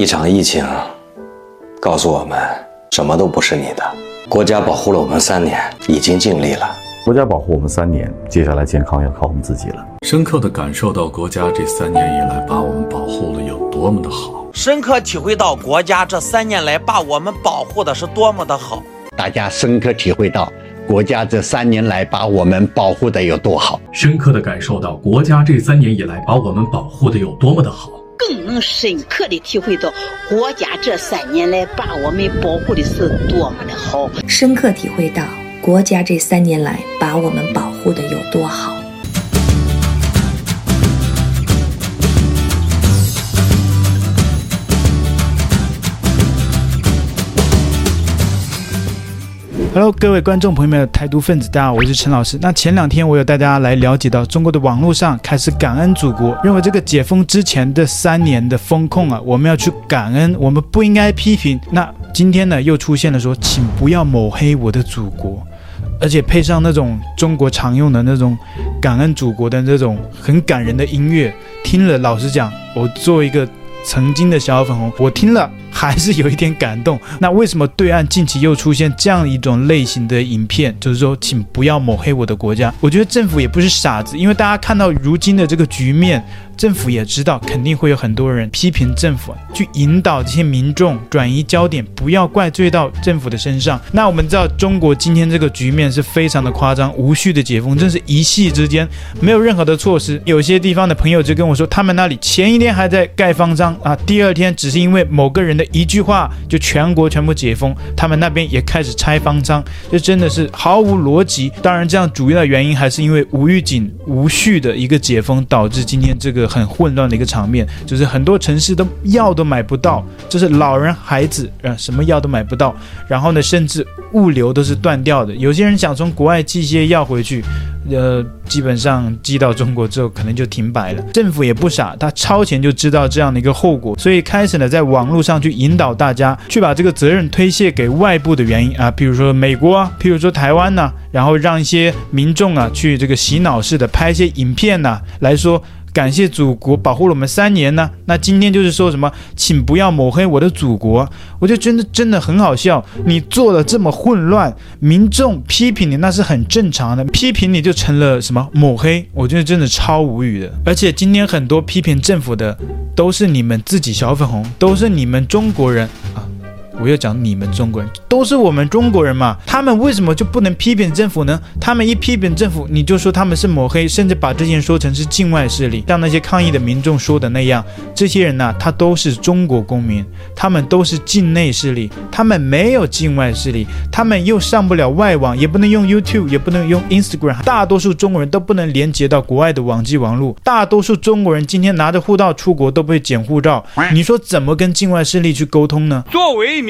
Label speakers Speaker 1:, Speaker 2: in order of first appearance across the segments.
Speaker 1: 一場疫情告訴我們，什麼都不是你的。國家保護了我們三年，已經盡力了。國家保護我們三年，接下來健康要靠我們自己了。深刻的感受到國家這三年以來把我們保護的有多麼的好，深刻體會到國家這三年來把我們保護的是多麼的好。大家深刻體會到國家這三年來把我們保護的有多好，深刻的感受到國家這三年以來把我們保護的有多麼的好。更能深刻地體會到國家這三年來把我們保護的是多麼的好，深刻體會到國家這三年來把我們保護的有多好。Hello，各位觀眾朋友們，台獨分子，大家好，我是陳老師。那前兩天我有帶大家來了解到，中國的網絡上開始感恩祖國，認為這個解封之前的三年的封控啊，我們要去感恩，我們不應該批評。那今天呢，又出現了說，請不要抹黑我的祖國，而且配上那種中國常用的那種感恩祖國的那種很感人的音樂，聽了，老實講，我做一個曾經的小粉紅，我聽了。還是有一點感動。那為什麼對岸近期又出現這樣一種類型的影片？就是說，請不要抹黑我的國家。我覺得政府也不是傻子，因為大家看到如今的這個局面，政府也知道肯定會有很多人批評政府，去引導這些民眾轉移焦點，不要怪罪到政府的身上。那我們知道，中國今天這個局面是非常的誇張，無序的解封，真是一夕之間沒有任何的措施。有些地方的朋友就跟我說，他們那裡前一天還在蓋方艙啊，第二天只是因為某個人。一句話就全國全部解封，他們那邊也開始拆方艙，這真的是毫無邏輯。當然，這樣主要的原因還是因為無預警、無序的一個解封，導致今天這個很混亂的一個場面，就是很多城市都藥都買不到，就是老人、孩子啊什麼藥都買不到。然後呢，甚至物流都是斷掉的。有些人想從國外寄一些藥回去，呃，基本上寄到中國之後可能就停擺了。政府也不傻，他超前就知道這樣的一個後果，所以開始呢在網絡上去。引導大家去把這個責任推卸給外部的原因啊，比如說美國，啊，比如說台灣呢、啊，然後讓一些民眾啊去這個洗腦式的拍一些影片呢、啊、來說。感謝祖國保護了我們三年呢、啊，那今天就是說什麼，請不要抹黑我的祖國，我就真的真的很好笑。你做了這麼混亂，民眾批評你那是很正常的，批評你就成了什麼抹黑，我覺得真的超無語的。而且今天很多批評政府的，都是你們自己小粉紅，都是你們中國人。我要講，你們中國人都是我們中國人嘛？他們為什麼就不能批評政府呢？他們一批評政府，你就說他們是抹黑，甚至把這些說成是境外勢力。像那些抗議的民眾說的那樣，這些人呢、啊，他都是中國公民，他們都是境內勢力，他們沒有境外勢力，他們又上不了外網，也不能用 YouTube，也不能用 Instagram。大多數中國人都不能連接到國外的網際網絡，大多數中國人今天拿着護照出國都被撿護照，你說怎麼跟境外勢力去溝通呢？作為一名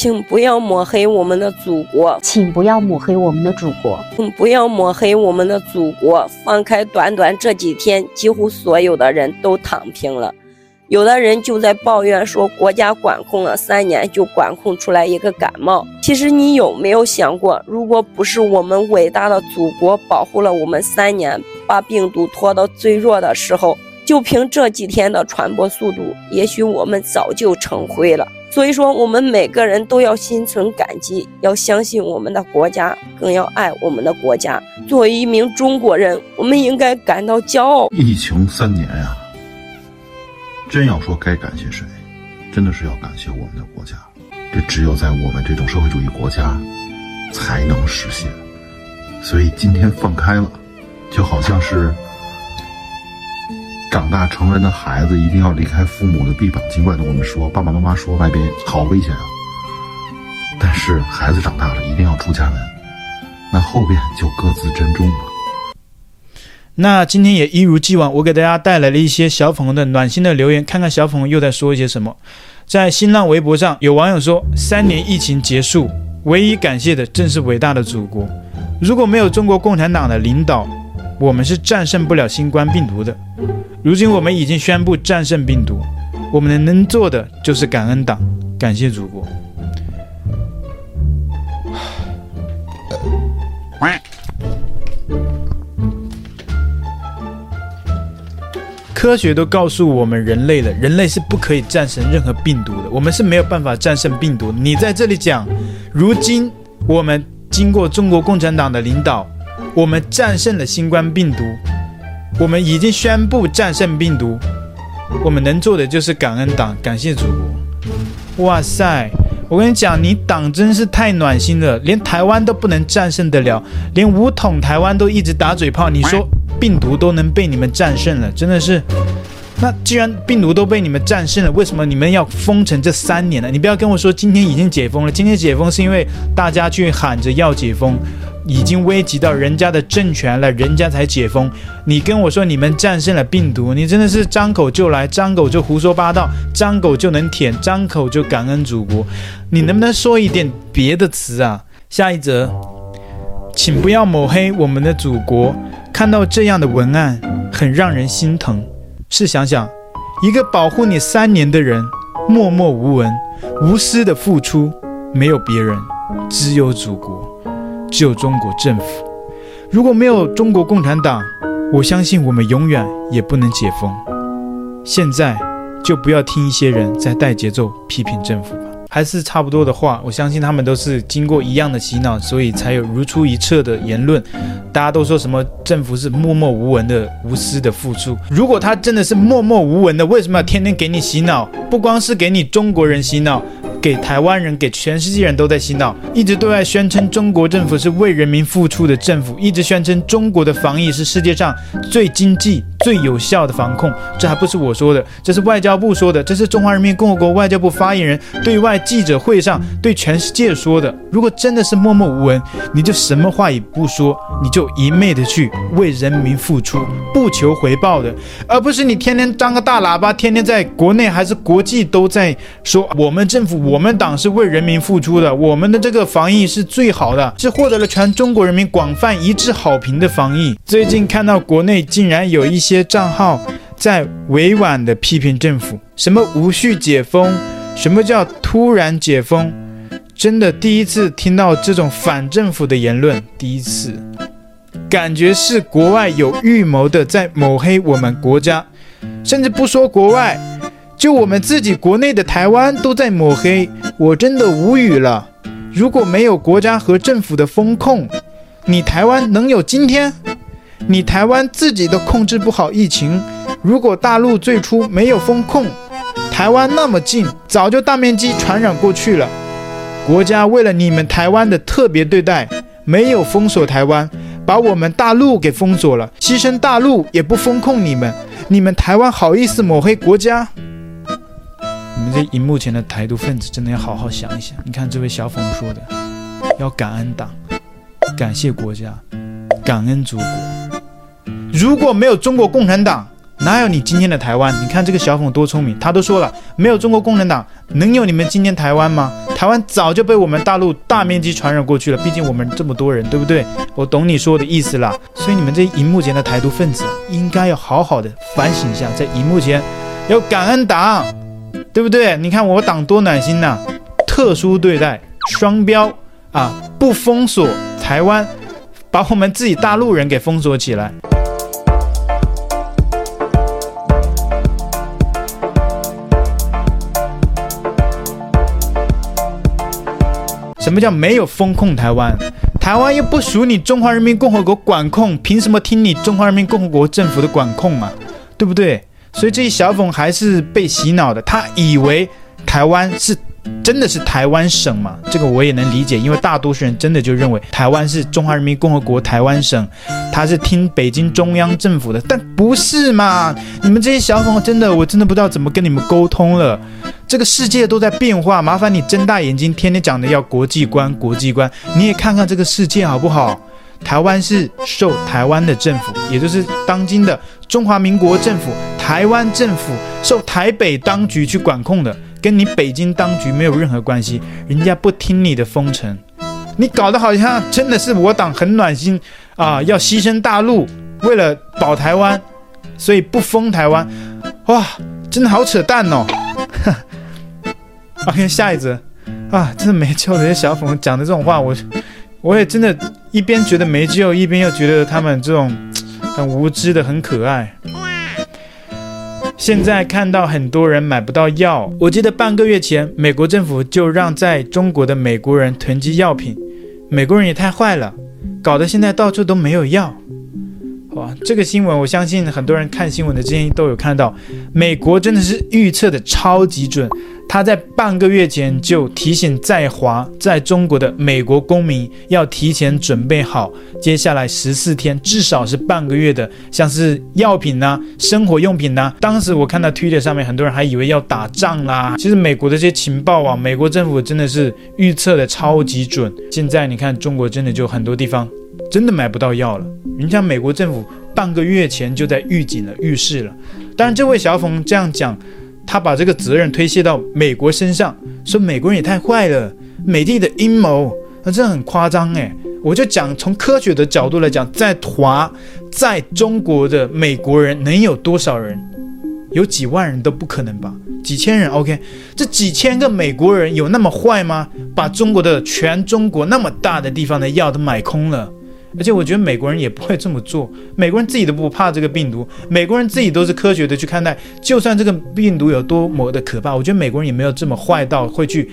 Speaker 1: 請不要抹黑我們的祖國，請不要抹黑我們的祖國，請不要抹黑我們的祖國。放開短短這幾天，幾乎所有的人都躺平了，有的人就在抱怨說國家管控了三年，就管控出來一個感冒。其實你有沒有想過，如果不是我們偉大的祖國保護了我們三年，把病毒拖到最弱的時候，就憑這幾天的傳播速度，也許我們早就成灰了。所以說，我們每個人都要心存感激，要相信我們的國家，更要愛我們的國家。作為一名中國人，我們應該感到驕傲。疫情三年呀，真要說該感謝誰，真的是要感謝我們的國家。這只有在我們這種社會主義國家才能實現。所以今天放開了，就好像是。長大成人的孩子一定要離開父母的臂膀，儘管我們說爸爸媽媽說外邊好危險啊，但是孩子長大了一定要出家門，那後邊就各自珍重吧。那今天也一如既往，我給大家帶來了一些小粉紅的暖心的留言，看看小粉紅又在說一些什麼。在新浪微博上有網友說：“三年疫情結束，唯一感謝的正是偉大的祖國。如果沒有中國共產黨的領導，我們是戰勝不了新冠病毒的。”如今我們已經宣布戰勝病毒，我們能做的就是感恩黨，感謝祖國。 科學都告訴我們人類了，人類是不可以戰勝任何病毒的，我們是沒有辦法戰勝病毒。你在這裡講，如今我們經過中國共產黨的領導，我們戰勝了新冠病毒。我們已經宣布戰勝病毒，我們能做的就是感恩黨，感謝祖國、嗯。哇塞，我跟你講，你黨真是太暖心了，連台灣都不能戰勝得了，連武統台灣都一直打嘴炮。你說病毒都能被你們戰勝了，真的是？那既然病毒都被你們戰勝了，為什麼你們要封城這三年呢？你不要跟我說今天已經解封了，今天解封是因為大家去喊着要解封。已經危及到人家的政權了，人家才解封。你跟我說你們戰勝了病毒，你真的是張口就來，張口就胡說八道，張口就能舔，張口就感恩祖國。你能不能說一點別的詞啊？下一則，請不要抹黑我們的祖國。看到這樣的文案，很讓人心疼。試想想，一個保護你三年的人，默默無聞、無私的付出，沒有別人，只有祖國。只有中國政府，如果沒有中國共產黨，我相信我們永遠也不能解封。現在就不要聽一些人在帶節奏批評政府吧，還是差不多的話，我相信他們都是經過一樣的洗腦，所以才有如出一轍的言論。大家都說什麼政府是默默無聞的、無私的付出，如果他真的是默默無聞的，為什麼要天天給你洗腦？不光是給你中國人洗腦。給台灣人，給全世界人都在洗腦，一直對外宣稱中國政府是為人民付出的政府，一直宣稱中國的防疫是世界上最經濟、最有效的防控。這還不是我說的，這是外交部說的，這是中華人民共和國外交部發言人對外記者會上對全世界說的。如果真的是默默無聞，你就什麼話也不說，你就一昧的去為人民付出，不求回報的，而不是你天天張個大喇叭，天天在國內還是國際都在說我們政府我。我們黨是為人民付出的，我們的這個防疫是最好的，是獲得了全中國人民廣泛一致好評的防疫。最近看到國內竟然有一些賬號在委婉的批評政府，什麼無序解封，什麼叫突然解封？真的第一次聽到這種反政府的言論，第一次，感覺是國外有預謀的在抹黑我們國家，甚至不說國外。就我們自己國內的台灣都在抹黑，我真的無語了。如果沒有國家和政府的封控，你台灣能有今天？你台灣自己都控制不好疫情，如果大陸最初沒有封控，台灣那麼近，早就大面積傳染過去了。國家為了你們台灣的特別對待，沒有封鎖台灣，把我們大陸給封鎖了，犧牲大陸也不封控你們，你們台灣好意思抹黑國家？你們這熒幕前的台獨分子真的要好好想一想。你看這位小粉說的，要感恩黨，感謝國家，感恩祖國。如果沒有中國共產黨，哪有你今天的台灣？你看這個小粉多聰明，他都說了，沒有中國共產黨，能有你們今天台灣嗎？台灣早就被我們大陸大面積傳染過去了。畢竟我們這麼多人，對不對？我懂你說的意思了。所以你們這熒幕前的台獨分子應該要好好的反省一下，在熒幕前要感恩黨。對不對？你看我黨多暖心吶、啊，特殊對待，雙標啊，不封鎖台灣，把我們自己大陸人給封鎖起來。什麼叫沒有封控台灣？台灣又不屬你中華人民共和國管控，憑什麼聽你中華人民共和國政府的管控嘛？對不對？所以這些小粉還是被洗腦的，他以為台灣是真的是台灣省嘛？這個我也能理解，因為大多數人真的就認為台灣是中華人民共和國台灣省，他是聽北京中央政府的，但不是嘛？你們這些小粉真的，我真的不知道怎麼跟你們溝通了。這個世界都在變化，麻煩你睜大眼睛，天天講的要國際觀，國際觀，你也看看這個世界好不好？台灣是受台灣的政府，也就是當今的。中華民國政府、台灣政府受台北當局去管控的，跟你北京當局沒有任何關係。人家不聽你的封城，你搞得好像真的是我黨很暖心啊、呃，要犧牲大陸為了保台灣，所以不封台灣。哇，真的好扯淡哦。OK，下一隻啊，真的沒救了。人家小粉講的這種話，我我也真的，一邊覺得沒救，一邊又覺得他們這種。很無知的，很可愛。現在看到很多人買不到藥，我記得半個月前，美國政府就讓在中國的美國人囤積藥品。美國人也太壞了，搞得現在到處都沒有藥。哇，這個新聞我相信很多人看新聞的之前都有看到，美國真的是預測的超級準。他在半個月前就提醒在華，在中國的美國公民要提前準備好接下來十四天至少是半個月的，像是藥品吶、啊、生活用品吶、啊。當時我看到推特上面很多人還以為要打仗啦、啊，其實美國的這些情報啊，美國政府真的是預測的超級準。現在你看中國真的就很多地方真的買不到藥了，人家美國政府半個月前就在預警了、預示了。當然，這位小馮這樣講，他把這個責任推卸到美國身上，說美國人也太壞了，美帝的陰謀，那、啊、這很誇張誒、欸，我就講從科學的角度來講，在華，在中國的美國人能有多少人？有幾萬人都不可能吧？幾千人，OK？這幾千個美國人有那麼壞嗎？把中國的全中國那麼大的地方的藥都買空了？而且我覺得美國人也不會這麼做，美國人自己都不怕這個病毒，美國人自己都是科學的去看待，就算這個病毒有多麼的可怕，我覺得美國人也沒有這麼壞到會去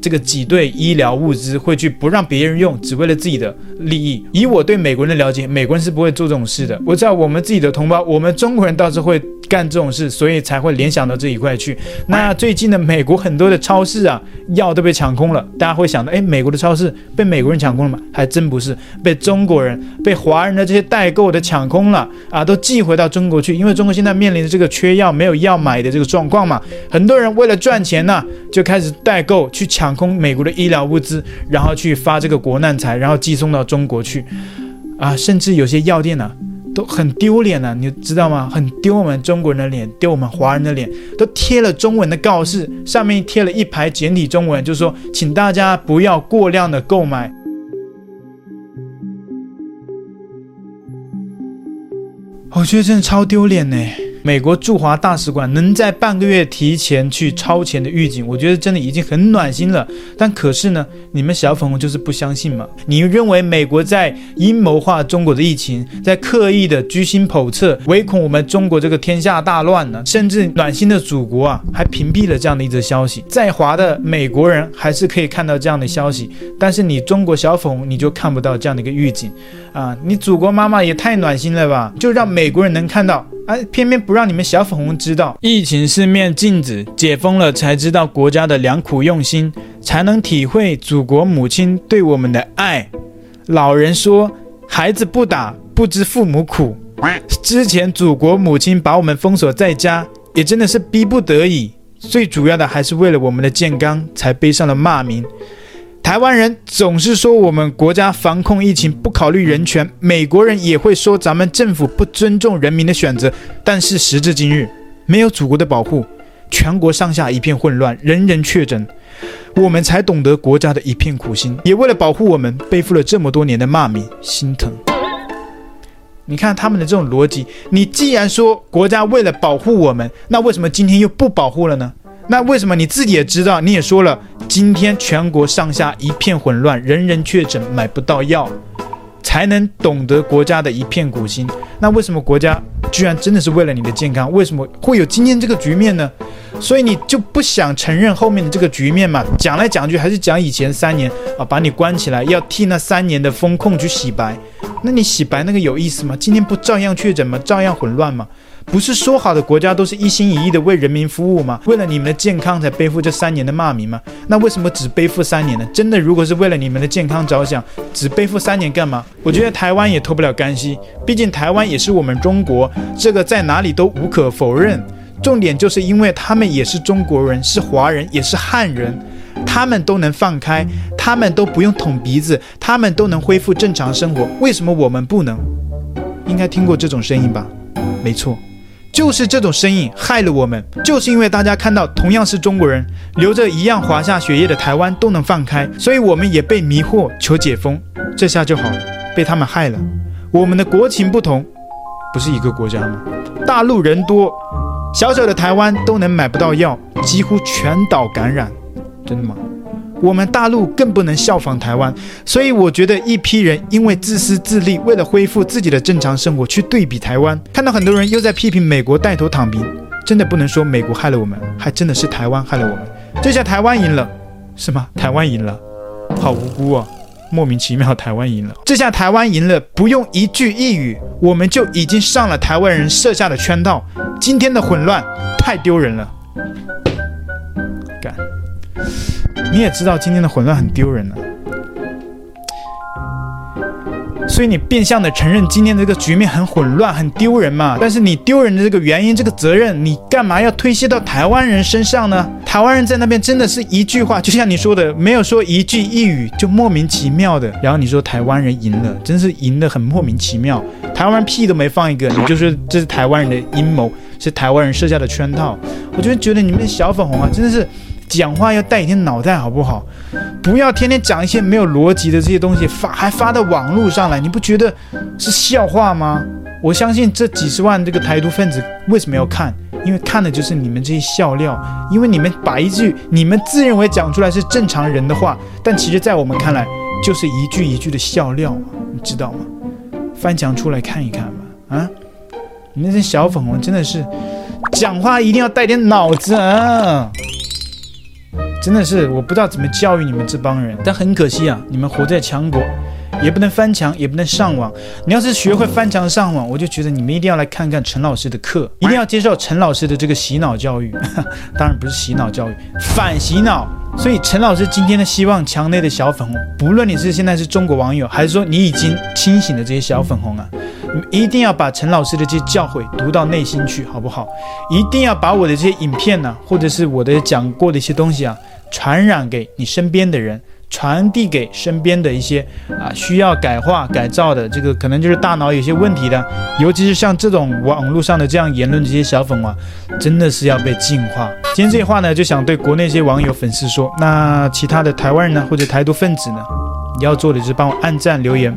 Speaker 1: 這個擠兌醫療物資，會去不讓別人用，只為了自己的。利益，以我對美國人的了解，美國人是不會做這種事的。我知道我們自己的同胞，我們中國人倒是會幹這種事，所以才會聯想到這一塊去。那最近的美國很多的超市啊，藥都被搶空了，大家會想到，誒，美國的超市被美國人搶空了嗎？還真不是，被中國人、被華人的這些代購的搶空了啊，都寄回到中國去，因為中國現在面臨着這個缺藥、沒有藥買的這個狀況嘛。很多人為了賺錢呢，就開始代購去搶空美國的醫療物資，然後去發這個國難財，然後寄送到。中國去啊，甚至有些藥店呢、啊、都很丟臉呢、啊，你知道嗎？很丟我們中國人的臉，丟我們華人的臉，都貼了中文的告示，上面貼了一排簡體中文，就是說，請大家不要過量的購買。我覺得真的超丟臉呢、欸。美國駐華大使館能在半個月提前去超前的預警，我覺得真的已經很暖心了。但可是呢，你們小粉紅就是不相信嘛？你認為美國在陰謀化中國的疫情，在刻意的居心叵測，唯恐我們中國這個天下大亂呢？甚至暖心的祖國啊，還屏蔽了這樣的一則消息，在華的美國人還是可以看到這樣的消息，但是你中國小粉紅你就看不到這樣的一個預警啊！你祖國媽媽也太暖心了吧？就讓美國人能看到。而、啊、偏偏不讓你們小粉紅知道，疫情是面鏡子，解封了才知道國家的良苦用心，才能體會祖國母親對我們的愛。老人說：“孩子不打不知父母苦。”之前祖國母親把我們封鎖在家，也真的是逼不得已，最主要的還是為了我們的健康才背上了罵名。台灣人總是說我們國家防控疫情不考慮人權，美國人也會說咱們政府不尊重人民的選擇。但是時至今日，沒有祖國的保護，全國上下一片混亂，人人確診，我們才懂得國家的一片苦心，也為了保護我們背負了這麼多年的罵名，心疼。你看他們的這種邏輯，你既然說國家為了保護我們，那為什麼今天又不保護了呢？那為什麼你自己也知道？你也說了，今天全國上下一片混亂，人人確診，買不到藥，才能懂得國家的一片苦心。那為什麼國家居然真的是為了你的健康？為什麼會有今天這個局面呢？所以你就不想承認後面的這個局面嘛？講來講去還是講以前三年啊，把你關起來，要替那三年的封控去洗白。那你洗白那個有意思嗎？今天不照樣確診嗎？照樣混亂嗎？不是說好的國家都是一心一意的為人民服務嗎？為了你們的健康才背負這三年的罵名嗎？那為什麼只背負三年呢？真的，如果是為了你們的健康着想，只背負三年幹嘛？我覺得台灣也脫不了干係，畢竟台灣也是我們中國，這個在哪裡都無可否認。重點就是因為他們也是中國人，是華人，也是漢人，他們都能放開，他們都不用捅鼻子，他們都能恢復正常生活，為什麼我們不能？應該聽過這種聲音吧？沒錯。就是這種聲音害了我們，就是因為大家看到同樣是中國人，流着一樣華夏血液的台灣都能放開，所以我們也被迷惑，求解封，這下就好了，被他們害了。我們的國情不同，不是一個國家嗎？大陸人多，小小的台灣都能買不到藥，幾乎全島感染，真的嗎？我們大陸更不能效仿台灣，所以我覺得一批人因為自私自利，為了恢復自己的正常生活去對比台灣，看到很多人又在批評美國帶頭躺平，真的不能說美國害了我們，還真的是台灣害了我們。這下台灣贏了，什麼台灣贏了，好無辜啊，莫名其妙台灣贏了。這下台灣贏了，不用一句一語，我們就已經上了台灣人設下的圈套。今天的混亂太丟人了，幹。你也知道今天的混亂很丟人了、啊，所以你變相的承認今天的這個局面很混亂、很丟人嘛？但是你丟人的這個原因、這個責任，你幹嘛要推卸到台灣人身上呢？台灣人在那邊真的是一句話，就像你說的，沒有說一句一語就莫名其妙的。然後你說台灣人贏了，真是贏得很莫名其妙，台灣屁都沒放一個，你就是這是台灣人的陰謀，是台灣人設下的圈套。我就覺得你們小粉紅啊，真的是。講話要帶一點腦袋好不好？不要天天講一些沒有邏輯的這些東西發，發還發到網絡上來，你不覺得是笑話嗎？我相信這幾十萬這個台獨分子為什麼要看？因為看的就是你們這些笑料，因為你們把一句你們自認為講出來是正常人的話，但其實在我們看來就是一句一句的笑料，你知道嗎？翻牆出來看一看吧，啊，你那些小粉紅真的是，講話一定要帶點腦子啊！真的是我不知道怎麼教育你們這幫人，但很可惜啊，你們活在強國。也不能翻牆，也不能上網。你要是學會翻牆上網，我就覺得你們一定要來看看陳老師的課，一定要接受陳老師的這個洗腦教育。呵呵，當然不是洗腦教育，反洗腦。所以陳老師今天的希望，牆內的小粉紅，不論你是現在是中國網友，還是說你已經清醒的這些小粉紅啊，你們一定要把陳老師的這些教誨讀到內心去，好不好？一定要把我的這些影片呢、啊，或者是我的講過的一些東西啊，傳染給你身邊的人。傳遞給身邊的一些啊需要改化改造的，這個可能就是大腦有些問題的，尤其是像這種網絡上的這樣言論，這些小粉啊，真的是要被淨化。今天這些話呢，就想對國內一些網友粉絲說。那其他的台灣人呢，或者台獨分子呢，你要做的就是幫我按讚留言，